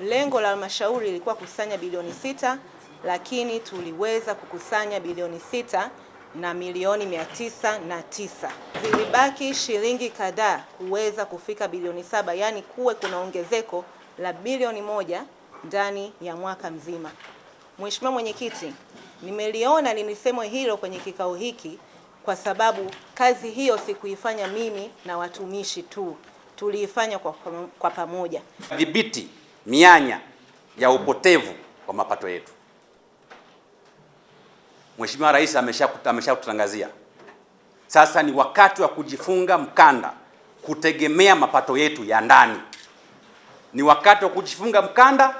Lengo la halmashauri lilikuwa kukusanya bilioni sita lakini tuliweza kukusanya bilioni sita na milioni mia tisa na tisa. Zilibaki shilingi kadhaa kuweza kufika bilioni saba, yaani kuwe kuna ongezeko la bilioni moja ndani ya mwaka mzima. Mheshimiwa Mwenyekiti, nimeliona linisemwe hilo kwenye kikao hiki kwa sababu kazi hiyo sikuifanya mimi na watumishi tu, tuliifanya kwa, kwa pamoja. Dhibiti mianya ya upotevu wa mapato yetu. Mheshimiwa Rais ameshakutangazia, sasa ni wakati wa kujifunga mkanda kutegemea mapato yetu ya ndani. Ni wakati wa kujifunga mkanda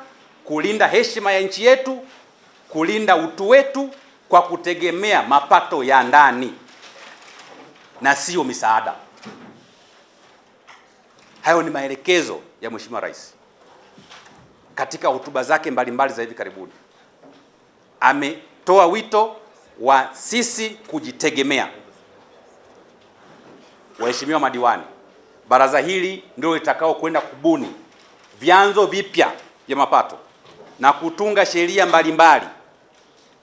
kulinda heshima ya nchi yetu, kulinda utu wetu kwa kutegemea mapato ya ndani na siyo misaada. Hayo ni maelekezo ya Mheshimiwa Rais katika hotuba zake mbalimbali za hivi karibuni ametoa wito wa sisi kujitegemea. Waheshimiwa madiwani, baraza hili ndio litakao kwenda kubuni vyanzo vipya vya mapato na kutunga sheria mbalimbali,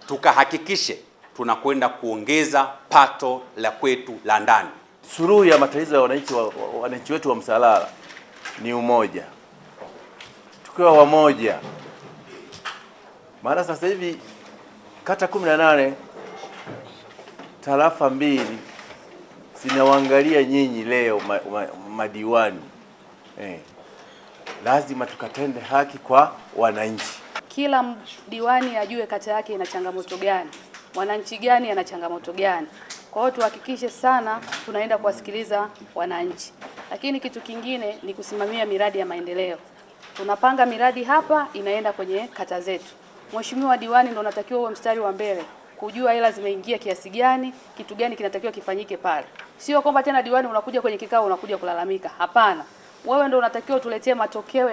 tukahakikishe tunakwenda kuongeza pato la kwetu la ndani. Suluhu ya matatizo ya wananchi wa, wa, wetu wa Msalala ni umoja tukiwa wamoja, maana sasa hivi kata kumi na nane tarafa mbili zinawaangalia nyinyi leo ma, ma, madiwani eh. Lazima tukatende haki kwa wananchi. Kila diwani ajue kata yake ina changamoto gani, mwananchi gani ana changamoto gani. Kwa hiyo tuhakikishe sana tunaenda kuwasikiliza wananchi, lakini kitu kingine ni kusimamia miradi ya maendeleo tunapanga miradi hapa inaenda kwenye kata zetu. Mheshimiwa diwani ndo unatakiwa uwe mstari wa mbele kujua hela zimeingia kiasi gani, kitu gani kinatakiwa kifanyike pale. Sio kwamba tena diwani unakuja kwenye kikao unakuja kulalamika. Hapana, wewe ndo unatakiwa utuletee matokeo.